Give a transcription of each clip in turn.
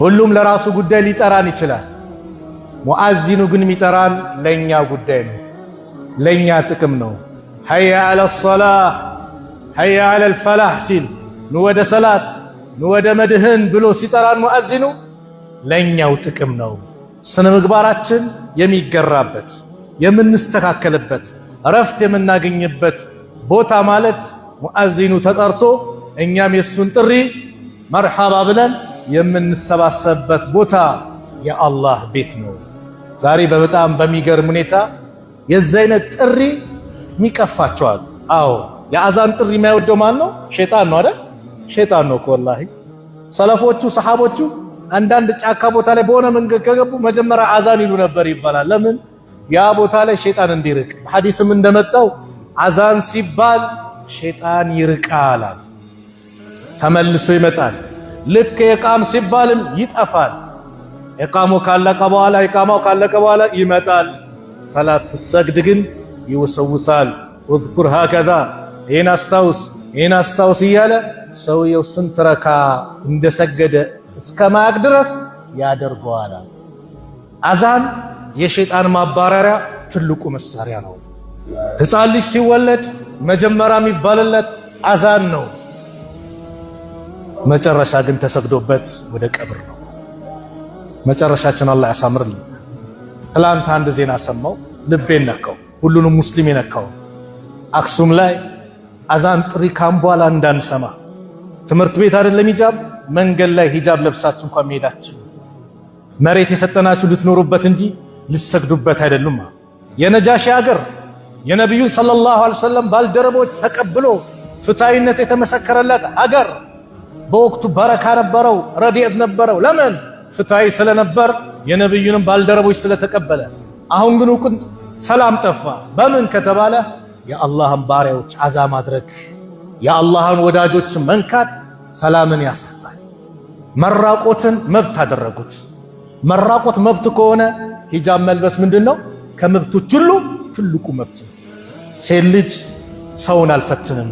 ሁሉም ለራሱ ጉዳይ ሊጠራን ይችላል። ሙአዚኑ ግን የሚጠራን ለእኛ ጉዳይ ነው፣ ለእኛ ጥቅም ነው። ሀያ አለ ሰላህ፣ ሀያ አለ ልፈላህ ሲል ኑ ወደ ሰላት፣ ኑ ወደ መድህን ብሎ ሲጠራን ሙአዚኑ ለእኛው ጥቅም ነው። ስነ ምግባራችን የሚገራበት የምንስተካከልበት እረፍት የምናገኝበት ቦታ ማለት ሙአዚኑ ተጠርቶ እኛም የሱን ጥሪ መርሓባ ብለን የምንሰባሰብበት ቦታ የአላህ ቤት ነው። ዛሬ በጣም በሚገርም ሁኔታ የዚህ አይነት ጥሪ ይቀፋቸዋል። አዎ የአዛን ጥሪ የማይወደው ማን ነው? ሸይጣን ነው አይደል? ሸይጣን ነው። ወላሂ ሰለፎቹ ሰሃቦቹ አንዳንድ ጫካ ቦታ ላይ በሆነ መንገድ ከገቡ መጀመሪያ አዛን ይሉ ነበር ይባላል። ለምን? ያ ቦታ ላይ ሸይጣን እንዲርቅ። ሐዲስም እንደመጣው አዛን ሲባል ሸይጣን ይርቃል፣ ተመልሶ ይመጣል። ልክ የቃም ሲባልም ይጠፋል። የቃሙ ካለቀ በኋላ የቃማው ካለቀ በኋላ ይመጣል። ሰላት ስትሰግድ ግን ይወሰውሳል። እዝኩር ሃከዛ ይህን አስታውስ፣ ይህን አስታውስ እያለ ሰውየው ስንት ረካ እንደሰገደ እስከ ማያቅ ድረስ ያደርገዋል። አዛን የሸይጣን ማባረሪያ ትልቁ መሳሪያ ነው። ሕፃን ልጅ ሲወለድ መጀመሪያ የሚባልለት አዛን ነው። መጨረሻ ግን ተሰግዶበት ወደ ቀብር ነው። መጨረሻችን አላህ ያሳምርልን። ትላንት አንድ ዜና ሰማው፣ ልቤን ነካው፣ ሁሉንም ሙስሊም የነካው። አክሱም ላይ አዛን ጥሪ ካምቧላ እንዳንሰማ ትምህርት ቤት አይደለም ሂጃብ፣ መንገድ ላይ ሂጃብ ለብሳችሁ እንኳን መሄዳችሁ መሬት የሰጠናችሁ ልትኖሩበት እንጂ ልትሰግዱበት አይደሉም። የነጃሺ ሀገር የነቢዩን ሰለላሁ ዐለይሂ ወሰለም ባልደረቦች ተቀብሎ ፍትሐዊነት የተመሰከረለት አገር። በወቅቱ በረካ ነበረው፣ ረድኤት ነበረው። ለምን ፍትሐዊ ስለነበር የነብዩንም ባልደረቦች ስለተቀበለ። አሁን ግን እኩል ሰላም ጠፋ። በምን ከተባለ የአላህን ባሪያዎች አዛ ማድረግ፣ የአላህን ወዳጆችን መንካት ሰላምን ያሳጣል። መራቆትን መብት አደረጉት። መራቆት መብት ከሆነ ሂጃብ መልበስ ምንድን ነው? ከመብቶች ሁሉ ትልቁ መብት ነው። ሴት ልጅ ሰውን አልፈትንም፣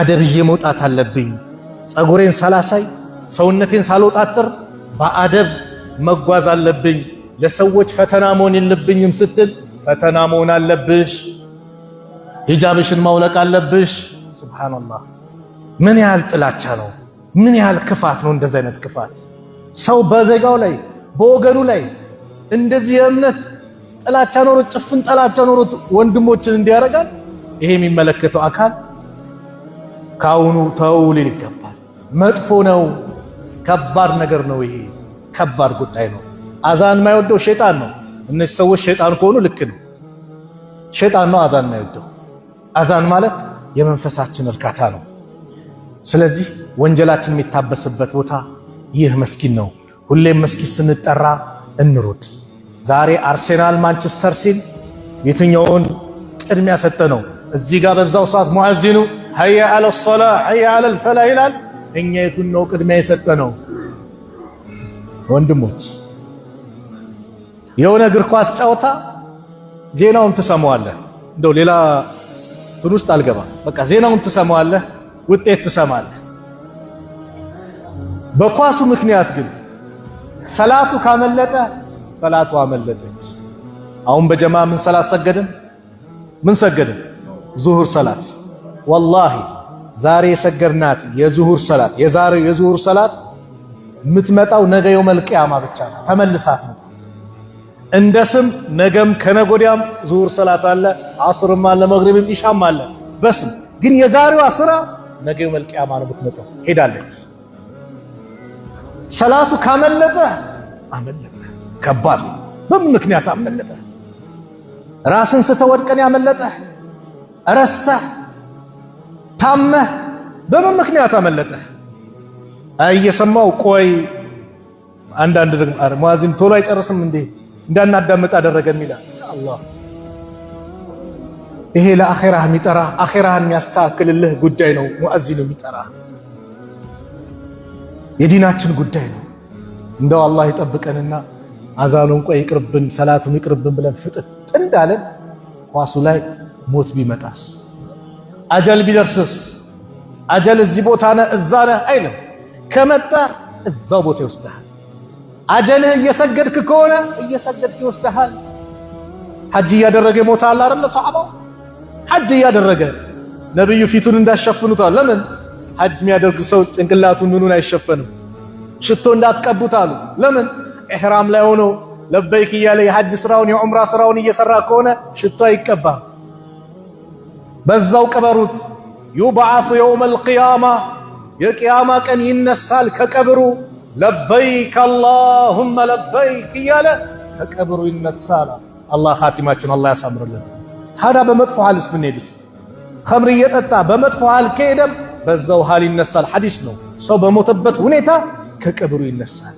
አደብዬ መውጣት አለብኝ ጸጉሬን ሳላሳይ ሰውነቴን ሳልወጣጥር በአደብ መጓዝ አለብኝ፣ ለሰዎች ፈተና መሆን የለብኝም ስትል ፈተና መሆን አለብሽ፣ ሂጃብሽን ማውለቅ አለብሽ። ሱብሓነላህ ምን ያህል ጥላቻ ነው! ምን ያህል ክፋት ነው! እንደዚህ አይነት ክፋት ሰው በዜጋው ላይ በወገኑ ላይ እንደዚህ የእምነት ጥላቻ ኖሮት ጭፍን ጥላቻ ኖሮት ወንድሞችን እንዲያረጋል። ይሄ የሚመለከተው አካል ካሁኑ ተው ሊል ይገባል። መጥፎ ነው። ከባድ ነገር ነው። ይሄ ከባድ ጉዳይ ነው። አዛን የማይወደው ሸይጣን ነው። እነዚህ ሰዎች ሸይጣን ከሆኑ ልክ ነው። ሸይጣን ነው አዛን የማይወደው። አዛን ማለት የመንፈሳችን እርካታ ነው። ስለዚህ ወንጀላችን የሚታበስበት ቦታ ይህ መስጊድ ነው። ሁሌም መስጊድ ስንጠራ እንሩጥ። ዛሬ አርሴናል ማንቸስተር ሲል የትኛውን ቅድሚያ ሰጠ ነው? እዚህ ጋር በዛው ሰዓት ሙዓዚኑ ሀያ አለ ሶላ ሀያ አለ ልፈላ ይላል። እኛ የቱን ነው ቅድሚያ የሰጠ ነው? ወንድሞች የሆነ እግር ኳስ ጨዋታ ዜናውን ትሰማዋለህ። እንደው ሌላ እንትን ውስጥ አልገባም። በቃ ዜናውን ትሰማዋለህ፣ ውጤት ትሰማለህ። በኳሱ ምክንያት ግን ሰላቱ ካመለጠ ሰላቱ አመለጠች። አሁን በጀማ ምን ሰላት ሰገድን? ምን ሰገድን? ዙሁር ሰላት ወላሂ ዛሬ የሰገድናት የዙሁር ሰላት የዛሬው የዙሁር ሰላት የምትመጣው ነገ የውመል ቂያማ ብቻ ነው። ተመልሳት ነው እንደ ስም ነገም ከነጎዲያም ዙሁር ሰላት አለ፣ አስርም አለ፣ መግሪብም ኢሻም አለ በስም ግን የዛሬዋ ስራ ነገ የውመል ቂያማ ነው የምትመጣው። ሄዳለች። ሰላቱ ካመለጠ አመለጠ፣ ከባድ በምን ምክንያት አመለጠ? ራስን ስተወድቀን ያመለጠ ረስተህ ታመህ በምን ምክንያት አመለጠህ? እየሰማው ቆይ አንዳንድ ደግሞ አረ ሙአዚን ቶሎ አይጨርስም እንዴ እንዳናዳምጥ አደረገ ይላል። አላህ ይሄ ለአኺራህ የሚጠራ አኺራህን የሚያስተካክልልህ ጉዳይ ነው። ሙአዚን የሚጠራ የዲናችን ጉዳይ ነው። እንደው አላህ ይጠብቀንና አዛኑን ቆይ ይቅርብን፣ ሰላቱን ይቅርብን ብለን ፍጥጥ እንዳለን ኳሱ ላይ ሞት ቢመጣስ አጀል ቢደርስስ አጀል እዚህ ቦታ ነህ እዛ ነህ አይልም። ከመጣ እዛው ቦታ ይወስደሃል። አጀልህ እየሰገድክ ከሆነ እየሰገድክ ይወስደሃል። ሐጅ እያደረገ ሞታ አለ አይደለ? ሰሐባው ሐጅ እያደረገ ነብዩ ፊቱን እንዳሸፍኑታል። ለምን ሐጅ የሚያደርግ ሰው ጭንቅላቱን ምኑን አይሸፈንም? ሽቶ እንዳትቀቡት አሉ። ለምን ኢሕራም ላይ ሆኖ ለበይክ እያለ የሐጅ ስራውን የዑምራ ስራውን እየሰራ ከሆነ ሽቶ አይቀባም። በዛው ቅበሩት። ዩብዓሱ የውመል ቂያማ የቅያማ ቀን ይነሳል ከቀብሩ ለበይክ አላሁመ ለበይክ እያለ ከቀብሩ ይነሳል። አላህ ኻቲማችን አላህ ያሳምርልን። ታዲያ በመጥፎ ሐልስ ብንሄድስ? ኸምር እየጠጣ በመጥፎ ሐል ከሄደም በዛው ሐል ይነሳል። ሐዲስ ነው። ሰው በሞተበት ሁኔታ ከቀብሩ ይነሳል።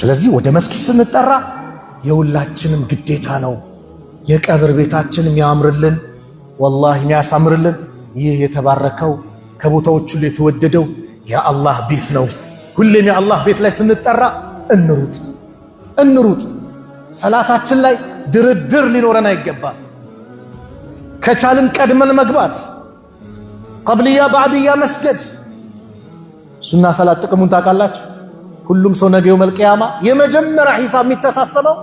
ስለዚህ ወደ መስጊድ ስንጠራ የሁላችንም ግዴታ ነው። የቀብር ቤታችንም ያምርልን። ወላሂ የሚያሳምርልን ይህ የተባረከው ከቦታዎች ሁሉ የተወደደው የአላህ ቤት ነው። ሁሌም የአላህ ቤት ላይ ስንጠራ እንሩጥ እንሩጥ። ሰላታችን ላይ ድርድር ሊኖረን አይገባም። ከቻልን ቀድመን መግባት ቀብልያ ባዕድያ መስገድ ሱና ሰላት ጥቅሙን ታውቃላችሁ። ሁሉም ሰው ነገው መልቀያማ የመጀመሪያ ሂሳብ የሚተሳሰበው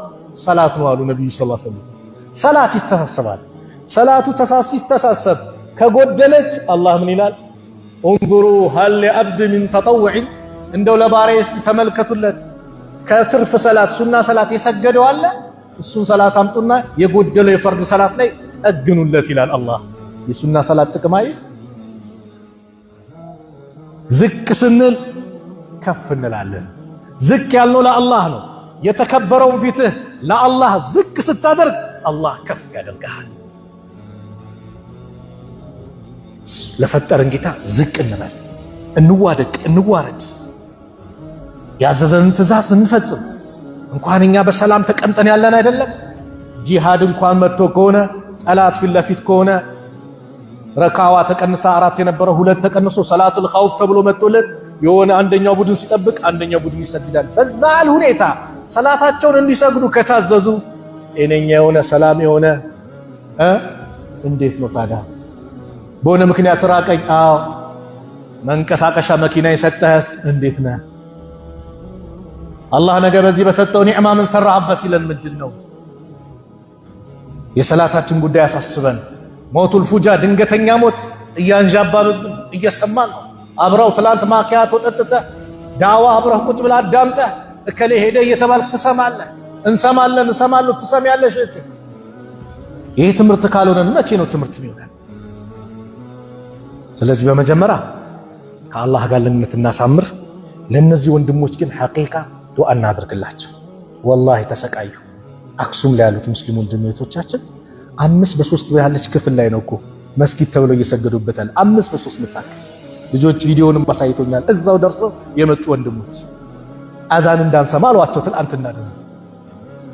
ሰላት ነው አሉ ነቢዩ ሰላት ይተሳሰባል። ሰላቱ ሲተሳሰብ ከጎደለች አላህ ምን ይላል? እንዙሩ ሀል ሊአብድ ሚን ተጠውዕን እንደው ለባሪያ እስቲ ተመልከቱለት ከትርፍ ሰላት ሱና ሰላት የሰገደው አለ እሱን ሰላት አምጡና የጎደለው የፈርድ ሰላት ላይ ጠግኑለት ይላል አላህ። የሱና ሰላት ጥቅማይ ዝቅ ስንል ከፍ እንላለን። ዝቅ ያልነው ለአላህ ነው። የተከበረውን ፊትህ ለአላህ ዝቅ ስታደርግ አላህ ከፍ ያደርግሃል። ለፈጠረን ጌታ ዝቅ እንበል፣ እንዋደቅ፣ እንዋረድ፣ ያዘዘንን ትእዛዝ እንፈጽም። እንኳን እኛ በሰላም ተቀምጠን ያለን አይደለም ጂሃድ እንኳን መጥቶ ከሆነ ጠላት ፊት ለፊት ከሆነ ረካዋ ተቀንሳ አራት የነበረ ሁለት ተቀንሶ ሰላቱል ኸውፍ ተብሎ መጥቶለት የሆነ አንደኛው ቡድን ሲጠብቅ አንደኛው ቡድን ይሰግዳል። በዛል ሁኔታ ሰላታቸውን እንዲሰግዱ ከታዘዙ ጤነኛ የሆነ ሰላም የሆነ እንዴት ነው ታዲያ በሆነ ምክንያት ራቀኝ። አዎ መንቀሳቀሻ መኪና የሰጠህስ እንዴት ነህ? አላህ ነገ በዚህ በሰጠው ኒዕማ ምን ሰራህበት ሲለን ምንድን ነው? የሰላታችን ጉዳይ አሳስበን ሞቱል ፉጃ ድንገተኛ ሞት እያንዣባብብን እየሰማን ነው። አብረው ትላንት ማኪያቶ ጠጥተ ዳዋ አብረህ ቁጭ ብላ አዳምጠህ እከሌ ሄደ እየተባልክ ትሰማለህ። እንሰማለን፣ እንሰማለሁ፣ ትሰሚያለሽ። ይህ ትምህርት ካልሆነን መቼ ነው ትምህርት ሚሆነን? ስለዚህ በመጀመሪያ ከአላህ ጋር ልንነት እናሳምር። ለእነዚህ ወንድሞች ግን ሐቂቃ ዱዓ እናድርግላቸው። ወላሂ ተሰቃዩ። አክሱም ላይ ያሉት ሙስሊም ወንድሞቻችን አምስት በሶስት ያለች ክፍል ላይ ነው እኮ መስጊድ ተብለው እየሰገዱበታል። አምስት በሶስት ምታክል ልጆች ቪዲዮንም አሳይቶኛል። እዛው ደርሶ የመጡ ወንድሞች አዛን እንዳንሰማ አሏቸው። ትናንትና ደግሞ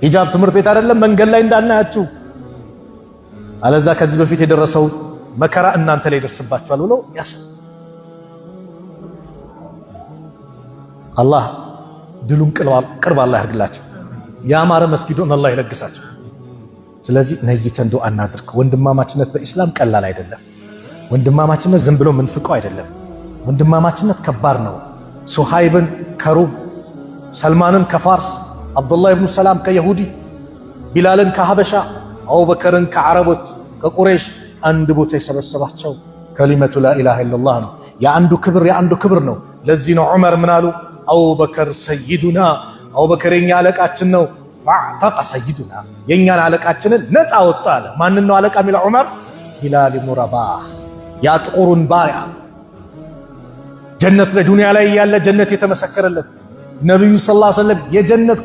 ሂጃብ ትምህርት ቤት አይደለም መንገድ ላይ እንዳናያችሁ አለዛ ከዚህ በፊት የደረሰው መከራ እናንተ ላይ ይደርስባችኋል ብሎ ያሰ አላህ ድሉን ቅርብ አላህ ያርግላቸው። የአማረ መስጊዱን አላህ ይለግሳቸው። ስለዚህ ነይተን ዱዓ እናድርግ። ወንድማማችነት በኢስላም ቀላል አይደለም። ወንድማማችነት ዝም ብሎ ምንፍቀው አይደለም። ወንድማማችነት ከባድ ነው። ሱሃይብን ከሩብ፣ ሰልማንን ከፋርስ አብዱላህ ብኑ ሰላም ከየሁዲ ቢላልን ከሀበሻ አቡበከርን ከዓረቦች ከቁሬሽ አንድ ቦታ የሰበሰባቸው ከሊመቱ ላኢላሃ ኢለላህ ነው። የአንዱ ክብር የአንዱ ክብር ነው። ለዚህ ነው ዑመር ምን አሉ? አቡበከር ሰይዱና፣ አቡበከር የኛ አለቃችን ነው። ፈዕተቀ ሰይዱና፣ የእኛን አለቃችንን ነፃ ወጣ አለ። ማንን ነው አለቃ የሚለው ዑመር? ቢላል ብኑ ረባህ ያ ጥቁሩን ባሪያ ጀነት ለዱንያ ላይ ያለ ጀነት የተመሰከረለት ነቢዩ ሰለላሁ ዐለይሂ ወሰለም የጀነት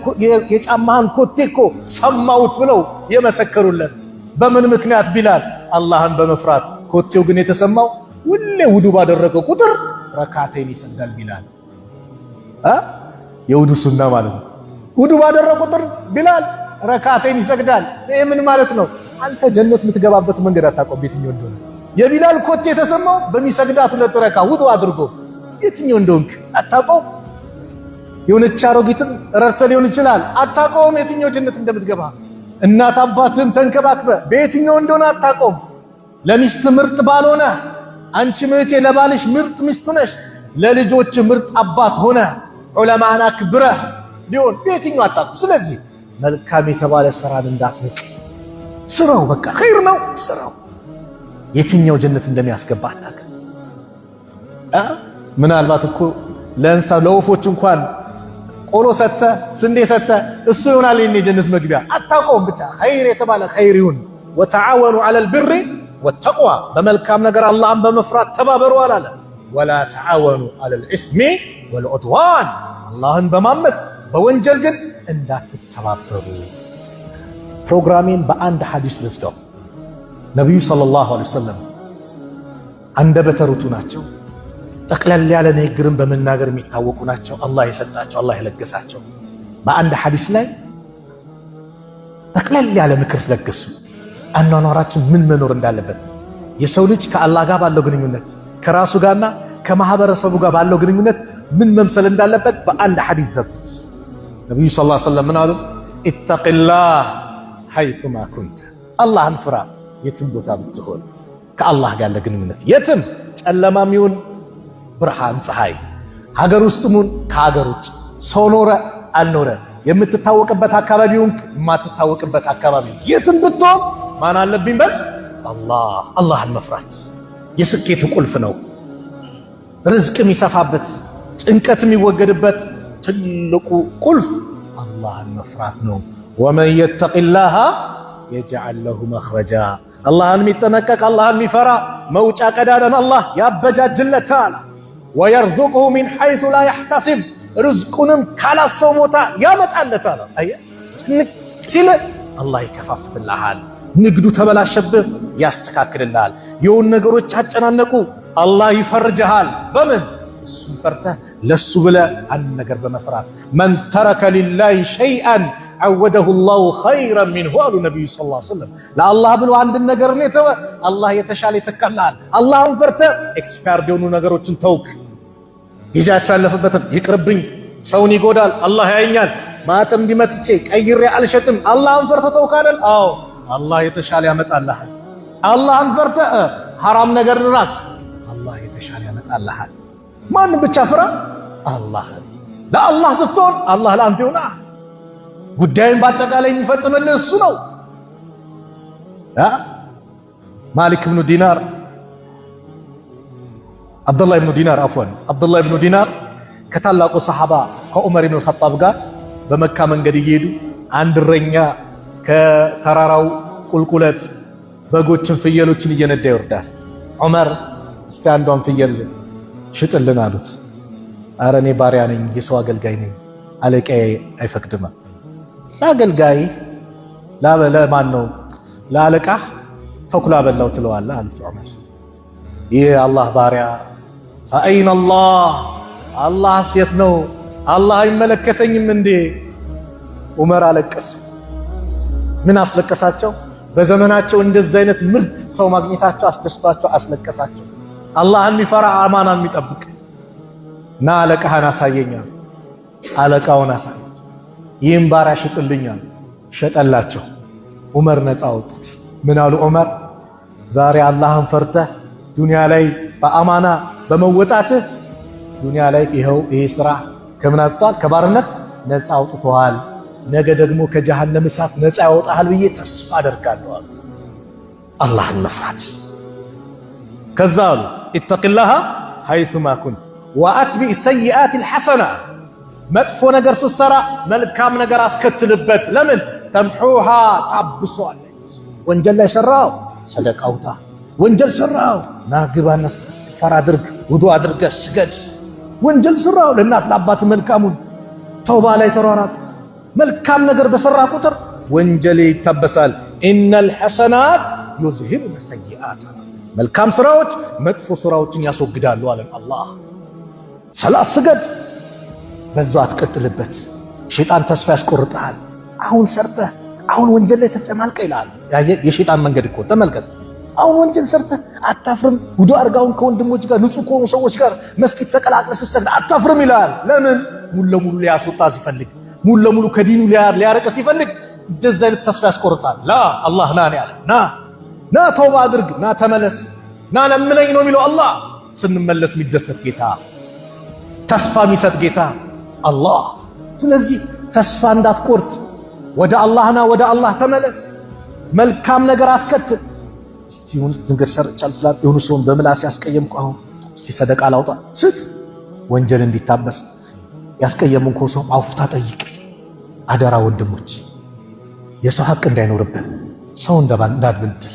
የጫማህን ኮቴ እኮ ሰማሁት ብለው የመሰከሩለት በምን ምክንያት ቢላል አላህን በመፍራት ኮቴው ግን የተሰማው ሁሌ ውዱ ባደረገ ቁጥር ረካቴን ይሰግዳል ቢላል እ የውዱ ሱና ማለት ነው። ውዱ ባደረገ ቁጥር ቢላል ረካቴን ይሰግዳል። ይሄ ምን ማለት ነው? አንተ ጀነት የምትገባበት መንገድ አታውቀውም። የትኛው እንደሆነ የቢላል ኮቴ የተሰማው በሚሰግዳት ሁለት ረካ ውዱ አድርጎ የትኛው እንደሆንክ አታውቀውም። የሆነች አሮጊትም ረድተህ ሊሆን ይችላል። አታውቀውም የትኛው ጀነት እንደምትገባ እናት አባትህን ተንከባክበ በየትኛው እንደሆነ አታውቀውም። ለሚስት ምርጥ ባል ሆነ። አንቺ ምእቴ ለባልሽ ምርጥ ሚስት ነሽ። ለልጆች ምርጥ አባት ሆነ። ዑለማን አክብረህ ሊሆን በየትኛው አጣጥም። ስለዚህ መልካም የተባለ ስራን እንዳትንቅ። ስራው በቃ ኸይር ነው ስራው። የትኛው ጀነት እንደሚያስገባ አታውቅም። ምናልባት እኮ ለእንሳ ለወፎች እንኳን ቆሎ ሰተ ስንዴ ሰተ እሱ ይሆናል የኔ ጀነት መግቢያ። አታውቀውም። ብቻ ኸይር የተባለ ኸይር ይሁን። ወተዓወኑ ዐለል ብሪ ወተቅዋ በመልካም ነገር አላህን በመፍራት ተባበሩ አላለ። ወላ ተዓወኑ አለል ኢስሚ ወልዑድዋን አላህን በማመፅ በወንጀል ግን እንዳትተባበሩ። ፕሮግራሜን በአንድ ሐዲስ ልዝጋው። ነቢዩ ሰለላሁ ዐለይሂ ወሰለም አንደበተ ርቱዕ ናቸው። ጠቅለል ያለ ንግግርን በመናገር የሚታወቁ ናቸው። አላህ የሰጣቸው አላህ የለገሳቸው በአንድ ሐዲስ ላይ ጠቅለል ያለ ምክር ለገሱ። አኗኗራችን ምን መኖር እንዳለበት የሰው ልጅ ከአላህ ጋር ባለው ግንኙነት ከራሱ ጋርና ከማህበረሰቡ ጋር ባለው ግንኙነት ምን መምሰል እንዳለበት በአንድ ሐዲስ ዘጉት። ነቢዩ ስ ላ ሰለም ምን አሉ? ኢተቂላህ ሐይቱማ ኩንተ፣ አላህን ፍራ የትም ቦታ ብትሆን። ከአላህ ጋር ያለ ግንኙነት የትም ጨለማም ይሁን ብርሃን፣ ፀሐይ፣ ሀገር ውስጥሙን ከሀገር ውጭ ሰው ኖረ አልኖረ፣ የምትታወቅበት አካባቢውን የማትታወቅበት አካባቢ የትም ብትሆን ማን አለብኝ በል አላህ አላህን መፍራት የስኬቱ ቁልፍ ነው። ርዝቅ የሚሰፋበት ጭንቀት የሚወገድበት ትልቁ ቁልፍ አላህን መፍራት ነው። ወመን የተቂላሃ የጅዓል ለሁ መኽረጃ አላህን የሚጠነቀቅ አላህን የሚፈራ መውጫ ቀዳዳን አላህ ያበጃጅለታል። ወየርዙቅሁ ሚን ሐይሱ ላ ያሕተሲብ ርዝቁንም ካላሰው ቦታ ያመጣለታል። አየህ ጭንቅ ሲል አላህ ይከፋፍትልሃል። ንግዱ ተበላሸብህ፣ ያስተካክልልሃል። የውን ነገሮች አጨናነቁ፣ አላህ ይፈርጅሃል። በምን እሱን ፈርተህ ለሱ ብለህ አንድ ነገር በመስራት መን ተረከ ሊላህ ሸይአን ዓወደሁ ላሁ ኸይረን ሚንሁ አሉ ነቢዩ ሰለላሁ ዐለይሂ ወሰለም። ለአላህ ብሎ አንድን ነገር የተወ አላህ የተሻለ ይተካልሃል። አላህን ፈርተ ኤክስፓየርድ የሆኑ ነገሮችን ተውክ። ጊዜያቸው ያለፈበትን ይቅርብኝ፣ ሰውን ይጎዳል፣ አላህ ያየኛል፣ ማተም እንዲመትቼ ቀይሬ አልሸጥም። አላህን ፈርተህ ተውክ አዎ አላህ የተሻለ ያመጣልሃል። አላህን ፈርተህ ሐራም ነገር ራቅ፣ አላህ የተሻለ ያመጣልሃል። ማንም ብቻ ፍራ፣ አላህን። ለአላህ ስትሆን አላህ ለአንተ ይሆና። ጉዳይን በአጠቃላይ የሚፈጽምልህ እሱ ነው። ማሊክ ብኑ ዲናር አብዱላህ ብኑ ዲናር አፍወን አብዱላህ ብኑ ዲናር ከታላቁ ሰሓባ ከዑመር ብኑ ልኸጣብ ጋር በመካ መንገድ እየሄዱ አንድ እረኛ ከተራራው ቁልቁለት በጎችን፣ ፍየሎችን እየነዳ ይወርዳል። ዑመር እስቲ አንዷን ፍየል ሽጥልን አሉት። አረ እኔ ባሪያ ነኝ፣ የሰው አገልጋይ ነኝ፣ አለቃዬ አይፈቅድም። ለአገልጋይ ለማን ነው ለአለቃህ ተኩላ በላው ትለዋለህ አሉት ዑመር። ይህ አላህ ባሪያ ፈአይን አላህ አላህ ሴት ነው? አላህ አይመለከተኝም እንዴ? ዑመር አለቀሱ። ምን አስለቀሳቸው? በዘመናቸው እንደዚህ አይነት ምርጥ ሰው ማግኘታቸው አስደስቷቸው አስለቀሳቸው። አላህን የሚፈራ አማና የሚጠብቅ እና አለቃህን አሳየኛል። አለቃውን አሳየች። ይህም ባሪያ ሽጥልኛል። ሸጠላቸው። ዑመር ነፃ ወጡት። ምን አሉ ዑመር፣ ዛሬ አላህን ፈርተህ ዱንያ ላይ በአማና በመወጣትህ ዱንያ ላይ ይኸው ይሄ ስራ ከምን አጥቷል ከባርነት ነፃ አውጥቶሃል። ነገ ደግሞ ከጀሃነም እሳት ነፃ ያወጣሃል ብዬ ተስፋ አደርጋለሁ አሉ። አላህን መፍራት ከዛ አሉ ኢተቅላሃ ሀይቱማ ኩንት ወአትቢዕ ሰይአት ልሐሰና መጥፎ ነገር ስትሰራ መልካም ነገር አስከትልበት። ለምን ተምሑሃ ታብሰዋለች። ወንጀል ላይ ሰራው ሰደቃውታ ወንጀል ሰራው ናግባና ስትፈራ አድርግ፣ ውዱ አድርገ ስገድ። ወንጀል ሰራው ለእናት ለአባት መልካሙን ተውባ ላይ ተሯራት መልካም ነገር በሰራ ቁጥር ወንጀል ይታበሳል። ኢነል ሐሰናት ዩዝሂብነ ሰይአት፣ መልካም ስራዎች መጥፎ ስራዎችን ያስወግዳሉ አለን አላህ። ሰላት ስገድ፣ በዛ አትቀጥልበት። ሸይጣን ተስፋ ያስቆርጥሃል። አሁን ሰርተህ አሁን ወንጀል ላይ ተጨማልቀ ይልሃል። የሸይጣን መንገድ እኮ ተመልከት። አሁን ወንጀል ሰርተህ አታፍርም። ውዱ አርጋውን ከወንድሞች ጋር ንጹህ ከሆኑ ሰዎች ጋር መስጊድ ተቀላቅለ ስትሰግድ አታፍርም ይልሃል። ለምን ሙሉ ለሙሉ ሊያስወጣ ሲፈልግ ሙሉ ለሙሉ ከዲኑ ሊያረቀ ሲፈልግ እንደዚህ አይነት ተስፋ ያስቆርጣል። ላ አላህ ና ነው ያለ። ና ና ተውባ አድርግ፣ ና ተመለስ፣ ና ለምነኝ ነው የሚለው አላህ። ስንመለስ የሚደሰት ጌታ፣ ተስፋ የሚሰጥ ጌታ አላህ። ስለዚህ ተስፋ እንዳትቆርጥ ወደ አላህና ወደ አላህ ተመለስ። መልካም ነገር አስከትል። እስቲ የሆነ ነገር ሰርቻለሁ ስላለ የሆኑ ሰውን በምላስ ያስቀየምኩ አሁን እስቲ ሰደቃ ላውጣ ስት ወንጀል እንዲታበስ ያስቀየምኩ ሰው አውፍታ ጠይቅ አደራ ወንድሞች፣ የሰው ሀቅ እንዳይኖርብን ሰው እንዳንበድል።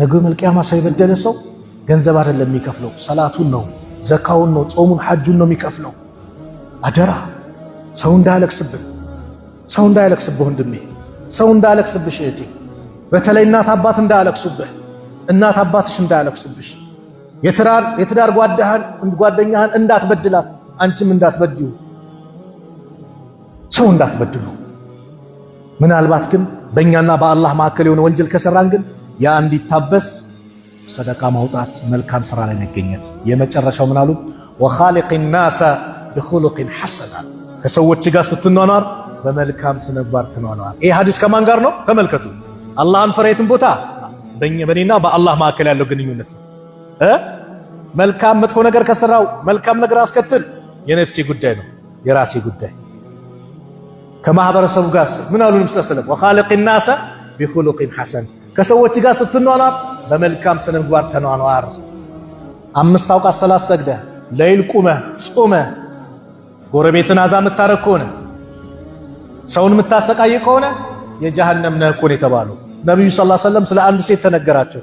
ነገ መልቅያማ ሰው የበደለ ሰው ገንዘብ አይደለም የሚከፍለው፣ ሰላቱን ነው፣ ዘካውን ነው፣ ጾሙን፣ ሐጁን ነው የሚከፍለው። አደራ ሰው እንዳያለቅስብን፣ ሰው እንዳያለቅስብህ ወንድሜ፣ ሰው እንዳያለቅስብሽ እህቴ፣ በተለይ እናት አባት እንዳያለቅሱብህ፣ እናት አባትሽ እንዳያለቅሱብሽ፣ የትዳር ጓደኛህን እንዳትበድላት፣ አንቺም እንዳትበድው። ሰው እንዳትበድሉ። ምናልባት ግን በእኛና በአላህ መካከል የሆነ ወንጀል ከሰራን ግን ያ እንዲታበስ ሰደቃ ማውጣት፣ መልካም ስራ ላይ መገኘት። የመጨረሻው ምናሉ ወኻሊቅ ናሰ ብኹሉቅን ሐሰና ከሰዎች ጋር ስትኗኗር በመልካም ስነባር ትኗኗር። ይህ ሀዲስ ከማን ጋር ነው? ተመልከቱ። አላህን ፍሬትን ቦታ በእኔና በአላህ መካከል ያለው ግንኙነት ነው። መልካም መጥፎ ነገር ከሰራው መልካም ነገር አስከትል፣ የነፍሴ ጉዳይ ነው የራሴ ጉዳይ ከማህበረሰቡ ጋር ምን አሉ ነብዩ ሰለላሁ ወኻሊቅ الناس بخلق حسن ከሰዎች ጋር ስትኗኗር በመልካም ስነ ምግባር ተኗኗር። አምስት አውቃት ሰላት ሰግደህ ለይል ቁመህ ጾመህ ጎረቤትን አዛ የምታረግ ከሆነ ሰውን የምታሰቃይ ከሆነ የጀሃነም ነህ እኮ ነው የተባለው። ነብዩ ሰለላሁ ዐለይሂ ወሰለም ስለ አንድ ሴት ተነገራቸው።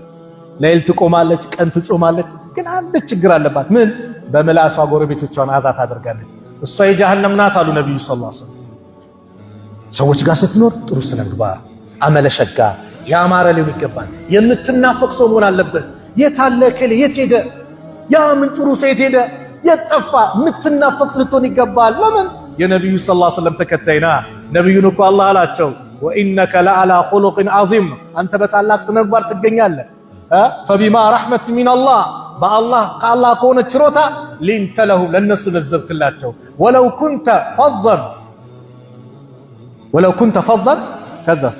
ለይል ትቆማለች፣ ቀን ትጾማለች፣ ግን አንድ ችግር አለባት። ምን? በምላሷ ጎረቤቶቿን አዛ ታደርጋለች። እሷ የጀሃነም ናት አሉ ነብዩ ሰለላሁ ዐለይሂ ወሰለም ሰዎች ጋር ስትኖር ጥሩ ስነ ምግባር፣ አመለሸጋ ያማረ ሊሆን ይገባል። የምትናፈቅ ሰው መሆን አለበት። የት አለ እከሌ የት ሄደ? ያ ምን ጥሩ ሰው የት ሄደ? የት ጠፋ? የምትናፈቅ ልትሆን ይገባል። ለምን የነቢዩ ስ ላ ስለም ተከታይና ነቢዩን እኮ አላህ አላቸው ወኢነከ ለዓላ ኹሉቅን ዓዚም አንተ በታላቅ ስነ ምግባር ትገኛለህ። ፈቢማ ረሕመት ሚንላህ በአላህ ከአላህ ከሆነ ችሮታ ሊንተ ለሁም ለእነሱ ለዘብክላቸው ወለው ኩንተ ፈዘን ወለው ኩንተ ፈዛን ከዛስ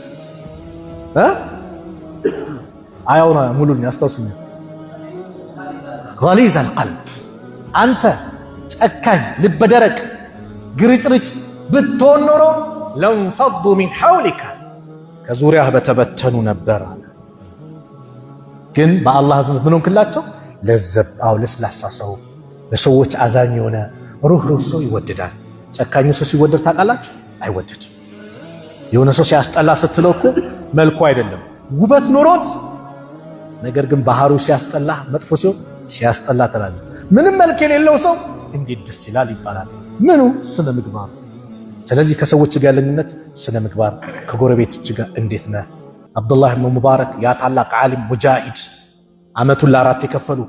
እ ሙሉን ያስታውሱኝ። ገሊዝ አልቀልብ አንተ ጨካኝ ልበደረቅ ግርጭርጭ ብትሆን ኖሮ ለንፈዱ ሚን ሐውሊካ ከዙሪያህ በተበተኑ ነበር አለ። ግን በአላህ እዝነት ምን ሆንክላቸው? ለዘብ አው ለስላሳ ሰው፣ ለሰዎች አዛኝ የሆነ ሩህሩህ ሰው ይወደዳል። ጨካኙ ሰው ሲወደድ ታውቃላችሁ? አይወደድም። የሆነ ሰው ሲያስጠላ ስትለው እኮ መልኩ አይደለም ውበት ኖሮት፣ ነገር ግን ባህሩ ሲያስጠላ መጥፎ ሲሆን ሲያስጠላ ትላለ። ምንም መልክ የሌለው ሰው እንዴት ደስ ይላል ይባላል። ምኑ ስነ ምግባር። ስለዚህ ከሰዎች ጋር ያለኝነት ስነ ምግባር፣ ከጎረቤቶች ጋር እንዴት ነህ? አብዱላህ ብን ሙባረክ ያ ታላቅ ዓሊም ሙጃሂድ፣ አመቱን ለአራት የከፈሉ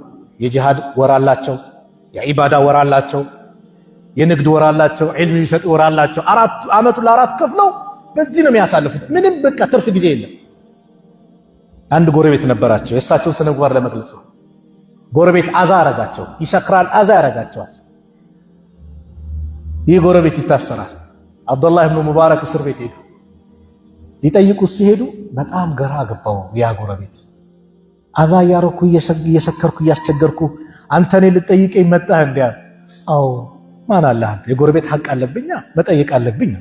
የጂሃድ ወር አላቸው፣ የዒባዳ ወር አላቸው፣ የንግድ ወር አላቸው፣ ዒልም የሚሰጥ ወር አላቸው። ዓመቱን ለአራት ከፍለው በዚህ ነው የሚያሳልፉት። ምንም በቃ ትርፍ ጊዜ የለም። አንድ ጎረቤት ነበራቸው። የእሳቸውን ስነ ምግባር ለመግለጽ ጎረቤት አዛ ያረጋቸው፣ ይሰክራል፣ አዛ ያረጋቸዋል። ይህ ጎረቤት ይታሰራል። አብዱላህ ብኑ ሙባረክ እስር ቤት ሄዱ። ሊጠይቁት ሲሄዱ በጣም ግራ ገባው። ያ ጎረቤት አዛ እያረኩ እየሰከርኩ እያስቸገርኩ አንተኔ ልጠይቀኝ መጣህ? እንዲያ አዎ፣ ማን አለ አንተ የጎረቤት ሀቅ አለብኛ መጠየቅ አለብኝ።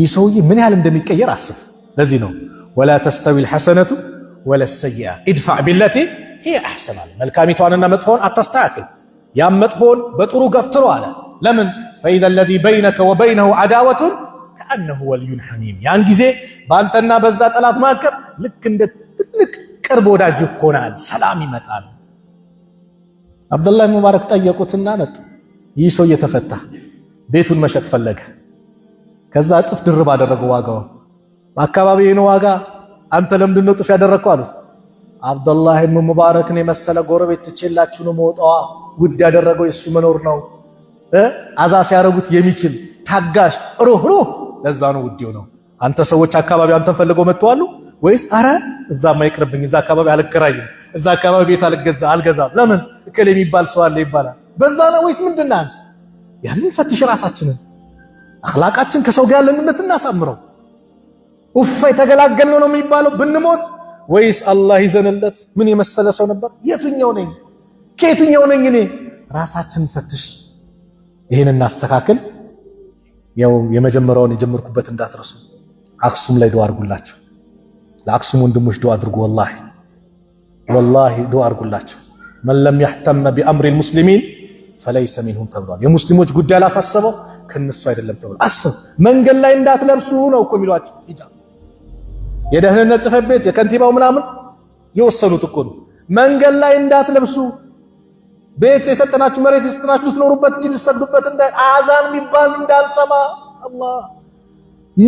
ይህ ሰውዬ ምን ያህል እንደሚቀየር አስብ። ለዚህ ነው ወላ ተስተዊ ልሐሰነቱ ወላ ሰይአ ኢድፋዕ ቢለቲ ይህ አሕሰናል። መልካሚቷንና መጥፎን አታስተካክል፣ ያም መጥፎን በጥሩ ገፍትሮ አለ። ለምን ፈኢዘ ለዚ በይነከ ወበይነሁ ዓዳወቱን ከአነሁ ወልዩን ሐሚም። ያን ጊዜ በአንተና በዛ ጠላት መካከል ልክ እንደ ትልቅ ቅርብ ወዳጅ ይኮናል፣ ሰላም ይመጣል። አብደላህ ሙባረክ ጠየቁትና መጡ። ይህ ሰውዬ ተፈታ፣ ቤቱን መሸጥ ፈለገ። ከዛ እጥፍ ድርብ አደረገው ዋጋ በአካባቢው ይህን ዋጋ አንተ ለምንድነው እጥፍ ያደረግከው አሉት። አብዱላህ ብኑ ሙባረክን የመሰለ ጎረቤት ትቼላችሁ ነው መውጣዋ። ውድ ያደረገው የእሱ መኖር ነው። አዛ ሲያደርጉት የሚችል ታጋሽ፣ ሩህሩህ ለዛ ነው ውዴው ነው። አንተ ሰዎች አካባቢ አንተን ፈልገው መጥተዋሉ ወይስ አረ እዛ ማይቅርብኝ፣ እዛ አካባቢ አልከራይም፣ እዛ አካባቢ ቤት አልገዛ አልገዛም። ለምን እከሌ የሚባል ሰው አለ ይባላል። በዛ ነው ወይስ ምንድን ነው? ያንን ፈትሽ ራሳችንን አኽላቃችን ከሰው ጋር ያለንነት እናሳምረው። ኡፍ የተገላገልነው ነው የሚባለው ብንሞት ወይስ አላህ ይዘንለት? ምን የመሰለ ሰው ነበር? የቱኛው ነኝ? ከየቱኛው ነኝ እኔ? ራሳችን ፈትሽ፣ ይህን እናስተካክል። ያው የመጀመሪያውን የጀመርኩበት እንዳትረሱ። አክሱም ላይ ዱዓ አድርጉላቸው። ለአክሱም ወንድሞች ዱዓ አድርጉ። ወላሂ ወላሂ ዱዓ አድርጉላቸው። መን ለም ያህተመ ቢአምሪ ልሙስሊሚን ፈለይሰ ሚንሁም ተብሏል። የሙስሊሞች ጉዳይ ላሳሰበው ከነሱ አይደለም ተብሎ አስብ። መንገድ ላይ እንዳትለብሱ ነው እኮ የሚሏቸው ሂጃብ። የደህንነት ጽሕፈት ቤት የከንቲባው ምናምን የወሰኑት እኮ ነው። መንገድ ላይ እንዳትለብሱ ቤት የሰጠናችሁ መሬት የሰጠናችሁ ልትኖሩበት እንጂ ልትሰግዱበት እንዳ አዛን የሚባል እንዳልሰማ። አላህ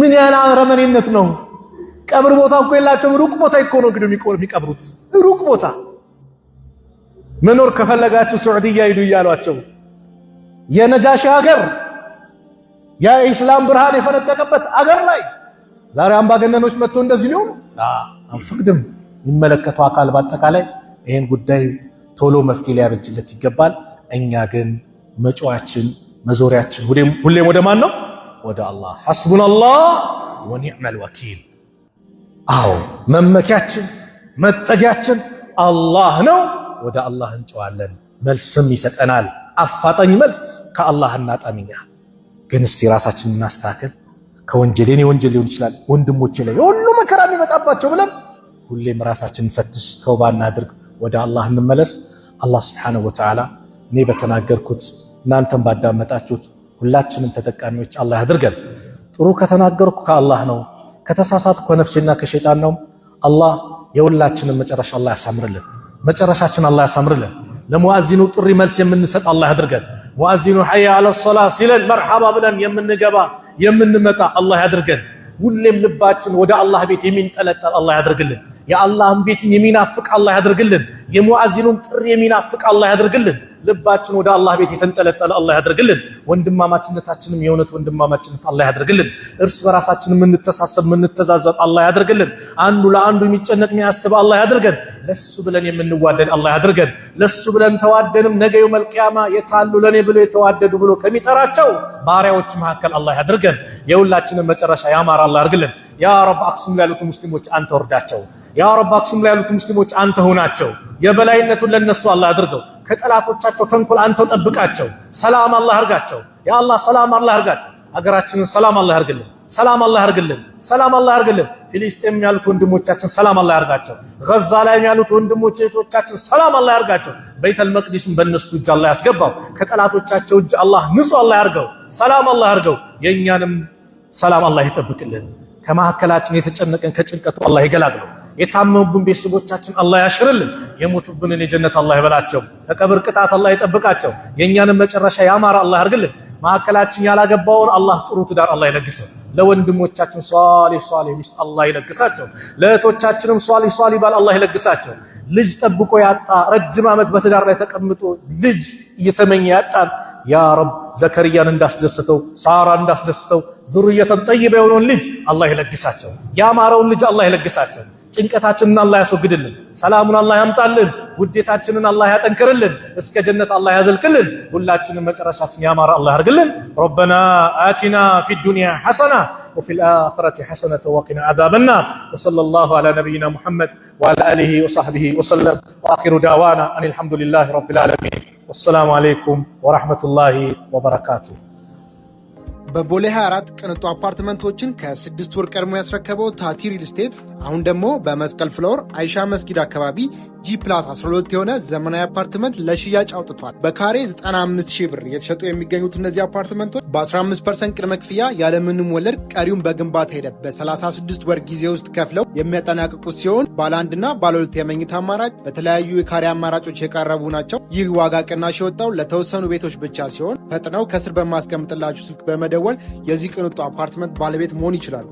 ምን ያህል አረመኔነት ነው! ቀብር ቦታ እኮ የላቸውም። ሩቅ ቦታ እኮ ነው እንግዲህ የሚቀብሩት፣ ሩቅ ቦታ መኖር ከፈለጋችሁ ሳዑዲያ ሂዱ እያሏቸው የነጃሺ ሀገር የኢስላም ብርሃን የፈነጠቀበት አገር ላይ ዛሬ አምባገነኖች መጥቶ እንደዚህ ሊሆኑ አንፈቅድም። የሚመለከተው አካል በአጠቃላይ ይህን ጉዳይ ቶሎ መፍትሄ ሊያበጅለት ይገባል። እኛ ግን መጫዋችን መዞሪያችን ሁሌም ወደ ማን ነው? ወደ አላህ። ሐስቡናላህ ወኒዕመል ወኪል። አዎ መመኪያችን መጠጊያችን አላህ ነው። ወደ አላህ እንጨዋለን፣ መልስም ይሰጠናል። አፋጣኝ መልስ ከአላህ እናጣምኛ ግን እስቲ ራሳችንን እናስተካከል። ከወንጀል የኔ ወንጀል ሊሆን ይችላል፣ ወንድሞች ላይ የሁሉ መከራ የሚመጣባቸው ብለን ሁሌም ራሳችንን ፈትሽ፣ ተውባ እናድርግ፣ ወደ አላህ እንመለስ። አላህ ስብሓነሁ ወተዓላ እኔ በተናገርኩት እናንተም ባዳመጣችሁት ሁላችንም ተጠቃሚዎች አላህ ያድርገን። ጥሩ ከተናገርኩ ከአላህ ነው፣ ከተሳሳትኩ ከነፍሴና ከሸይጣን ነው። አላህ የሁላችንም መጨረሻ አላህ ያሳምርልን፣ መጨረሻችን አላህ ያሳምርልን። ለሙአዚኑ ጥሪ መልስ የምንሰጥ አላህ ያድርገን። ዋዚኑ ሐያ አለ ሶላ ሲለን መርሐባ ብለን የምንገባ የምንመጣ አላህ ያድርገን። ሁሌም ልባችን ወደ አላህ ቤት የሚንጠለጠል አላህ ያድርግልን። የአላህን ቤትን የሚናፍቅ አላህ ያድርግልን። የሙዓዚኑን ጥሪ የሚናፍቅ አላህ ያድርግልን። ልባችን ወደ አላህ ቤት የተንጠለጠለ አላህ ያደርግልን። ወንድማማችነታችንም የእውነት ወንድማማችነት አላህ ያደርግልን። እርስ በራሳችን የምንተሳሰብ የምንተዛዘብ አላህ ያደርግልን። አንዱ ለአንዱ የሚጨነቅ የሚያስብ አላህ ያደርገን። ለሱ ብለን የምንዋደድ አላህ ያደርገን። ለሱ ብለን ተዋደንም ነገ የውመል ቂያማ የታሉ ለኔ ብሎ የተዋደዱ ብሎ ከሚጠራቸው ባሪያዎች መካከል አላህ ያደርገን። የሁላችንን መጨረሻ ያማረ አላህ ያደርግልን። ያ ረብ አክሱም ላይ ያሉት ሙስሊሞች አንተ ወርዳቸው። ያ ረብ አክሱም ላይ ያሉት ሙስሊሞች አንተ ሆናቸው። የበላይነቱን ለነሱ አላህ ያደርገው። ከጠላቶቻቸው ተንኮል አንተው ጠብቃቸው። ሰላም አላህ አርጋቸው። ያ አላህ ሰላም አላህ አርጋቸው። አገራችንን ሰላም አላህ አርግልን። ሰላም አላህ አርግልን። ሰላም አላህ አርግልን። ፊሊስጤም ያሉት ወንድሞቻችን ሰላም አላህ አርጋቸው። ገዛ ላይ ያሉት ወንድሞች እህቶቻችን ሰላም አላህ አርጋቸው። ቤተል መቅዲሱን በእነሱ እጅ አላህ ያስገባው። ከጠላቶቻቸው እጅ አላህ ንጹህ አላህ ያርገው። ሰላም አላህ አርገው። የእኛንም ሰላም አላህ ይጠብቅልን። ከማከላችን የተጨነቀን ከጭንቀቱ አላህ ይገላግለው። የታመሙብን ቤተሰቦቻችን አላህ ያሽርልን። የሞቱብንን የጀነት አላህ ይበላቸው። ከቀብር ቅጣት አላህ ይጠብቃቸው። የእኛንም መጨረሻ ያማረ አላህ ያርግልን። ማዕከላችን ያላገባውን አላህ ጥሩ ትዳር አላህ ይለግሰው። ለወንድሞቻችን ሷሊህ ሷሊህ ሚስት አላህ ይለግሳቸው። ለእህቶቻችንም ሷሊህ ሷሊህ ባል አላህ ይለግሳቸው። ልጅ ጠብቆ ያጣ ረጅም ዓመት በትዳር ላይ ተቀምጦ ልጅ እየተመኘ ያጣን ያ ረብ ዘከርያን እንዳስደስተው ሳራ እንዳስደስተው ዙርየተን ጠይበ የሆነውን ልጅ አላህ ይለግሳቸው። ያማረውን ልጅ አላህ ይለግሳቸው። ጭንቀታችንን አላህ ያስወግድልን፣ ሰላሙን አላህ ያምጣልን፣ ውዴታችንን አላህ ያጠንክርልን፣ እስከ ጀነት አላህ ያዘልቅልን፣ ሁላችንም መጨረሻችን ያማረ አላህ ያርግልን። ረበና አቲና ፊ ዱንያ ሐሰና وفي الآخرة حسنة وقنا عذاب النار وصلى الله على نبينا محمد وعلى آله وصحبه وسلم وآخر دعوانا أن الحمد لله رب العالمين والسلام عليكم ورحمة الله وبركاته በቦሌ 24 ቅንጡ አፓርትመንቶችን ከስድስት ወር ቀድሞ ያስረከበው ታቲ ሪል ስቴት አሁን ደግሞ በመስቀል ፍሎር አይሻ መስጊድ አካባቢ ጂ ፕላስ 12 የሆነ ዘመናዊ አፓርትመንት ለሽያጭ አውጥቷል። በካሬ 95 ሺህ ብር የተሸጡ የሚገኙት እነዚህ አፓርትመንቶች በ15 ፐርሰንት ቅድመ ክፍያ ያለምንም ወለድ ቀሪውን በግንባታ ሂደት በ36 ወር ጊዜ ውስጥ ከፍለው የሚያጠናቅቁ ሲሆን ባለ አንድና ባለ ሁለት የመኝታ አማራጭ በተለያዩ የካሬ አማራጮች የቀረቡ ናቸው። ይህ ዋጋ ቅናሽ የወጣው ለተወሰኑ ቤቶች ብቻ ሲሆን ፈጥነው ከስር በማስቀምጥላችሁ ስልክ በመደወል የዚህ ቅንጡ አፓርትመንት ባለቤት መሆን ይችላሉ።